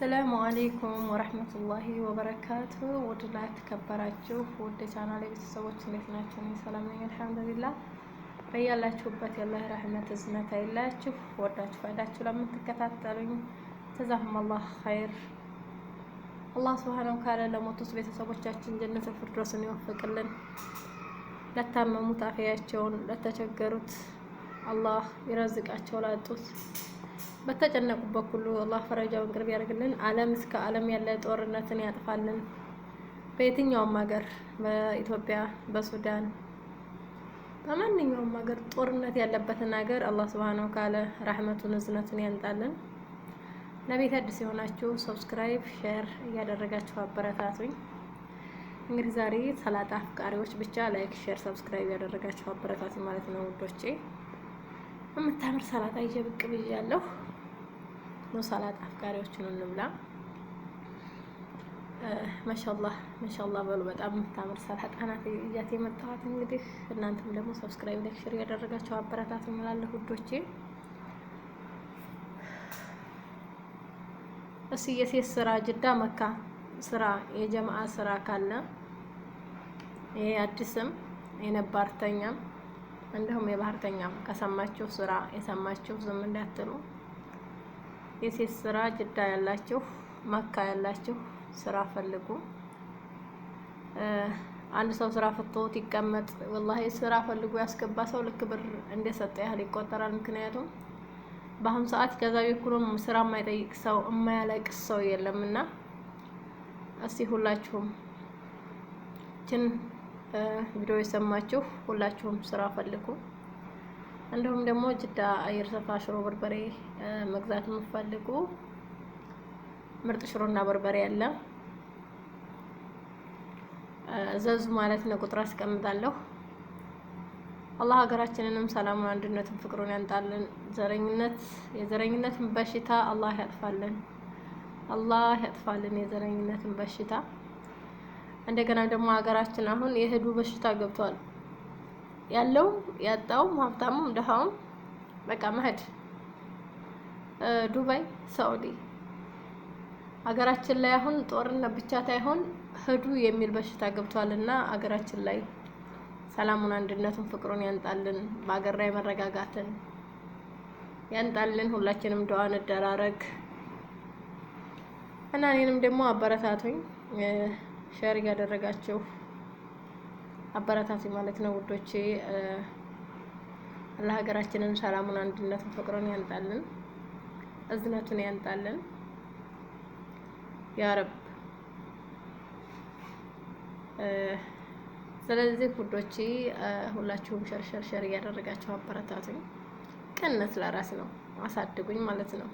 ሰላሙ አሌይኩም ወረህመቱላሂ ወበረካቱ። ውድና የተከበራችሁ ውድ ቻናል ቤተሰቦች እንዴት ናቸው? ሰላም ነኝ አልሐምዱሊላህ። በያላችሁበት የአላህ ረህመት እዝነት አይለያችሁ። ወዳችሁ ፈዳችሁ ለምትከታተሉኝ ተዛሁም አላህ ኸይር አላህ ስብሓነሁ ወተዓላ ለሞቱት ቤተሰቦቻችን ጀነቱል ፊርደውስን ይወፍቅልን። ለታመሙት አፍያቸውን፣ ለተቸገሩት አላህ ይረዝቃቸው ላጡት በተጨነቁበት ሁሉ አላህ ፈረጃውን ቅርብ ያደርግልን። ዓለም እስከ ዓለም ያለ ጦርነትን ያጥፋልን። በየትኛውም ሀገር በኢትዮጵያ፣ በሱዳን፣ በማንኛውም ሀገር ጦርነት ያለበትን ሀገር አላህ ስብሃነሁ ካለ ረህመቱን እዝነቱን ያንጣልን። ለቤት አዲስ የሆናችሁ ሰብስክራይብ፣ ሼር እያደረጋችሁ አበረታቱኝ። እንግዲህ ዛሬ ሰላጣ አፍቃሪዎች ብቻ ላይክ፣ ሼር፣ ሰብስክራይብ ያደረጋችሁ አበረታቱኝ ማለት ነው ውዶቼ የምታምር ሰላጣ ይዤ ብቅ ብያለሁ። ነው ሰላጣ አፍቃሪዎችን እንብላ። ማሻአላህ ማሻአላህ በሉ። በጣም የምታምር ሰላጣ ናት እያት የመጣኋት እንግዲህ። እናንተም ደግሞ ሰብስክራይብ፣ ላይክ፣ ሼር ያደረጋችሁ አበረታት እንላለሁ ውዶቼ። እስኪ የሴት ስራ ጅዳ መካ ስራ የጀማአ ስራ ካለ ይሄ አዲስም የነባርተኛም እንዲሁም የባህርተኛም ከሰማችሁ ስራ የሰማችሁ ዝም እንዳትሉ። የሴት ስራ ጅዳ ያላችሁ፣ መካ ያላችሁ ስራ ፈልጉ። አንድ ሰው ስራ ፍቶት ይቀመጥ፣ ወላሂ ስራ ፈልጎ ያስገባ ሰው ልክ ብር እንደሰጠ ያህል ይቆጠራል። ምክንያቱም በአሁኑ ሰዓት ከዛ በኩልም ስራ የማይጠይቅ ሰው የማያለቅስ ሰው የለምና እስቲ ሁላችሁም ችን ቪዲዮ የሰማችሁ ሁላችሁም ስራ ፈልጉ። እንዲሁም ደግሞ ጅዳ አየር ሰፋ ሽሮ በርበሬ መግዛት የምትፈልጉ ምርጥ ሽሮና በርበሬ አለ። ዘዙ ማለት ነው። ቁጥር አስቀምጣለሁ። አላህ ሀገራችንንም ሰላሙን፣ አንድነትን፣ ፍቅሩን ያንጣልን። ዘረኝነት የዘረኝነትን በሽታ አላህ ያጥፋልን። አላህ ያጥፋልን የዘረኝነትን በሽታ እንደገና ደግሞ ሀገራችን አሁን የህዱ በሽታ ገብቷል። ያለውም ያጣውም ሀብታሙም ድሃውም በቃ መሄድ ዱባይ፣ ሳውዲ ሀገራችን ላይ አሁን ጦርነት ብቻ ሳይሆን ህዱ የሚል በሽታ ገብቷል እና ሀገራችን ላይ ሰላሙን፣ አንድነቱን፣ ፍቅሩን ያንጣልን በሀገር ላይ መረጋጋትን ያንጣልን። ሁላችንም ደዋ እንደራረግ እና እኔንም ደግሞ አበረታቶኝ ሸር ያደረጋችሁ አበረታቱ ማለት ነው ውዶቼ። አላህ ሀገራችንን ሰላሙን፣ አንድነቱን፣ ፍቅሩን ያንጣልን፣ እዝነቱን ያንጣልን ያ ስለዚህ ውዶቼ ሁላችሁም ሸርሸርሸር እያደረጋችሁ አበረታቱኝ። ቅንነት ለራስ ነው፣ አሳድጉኝ ማለት ነው።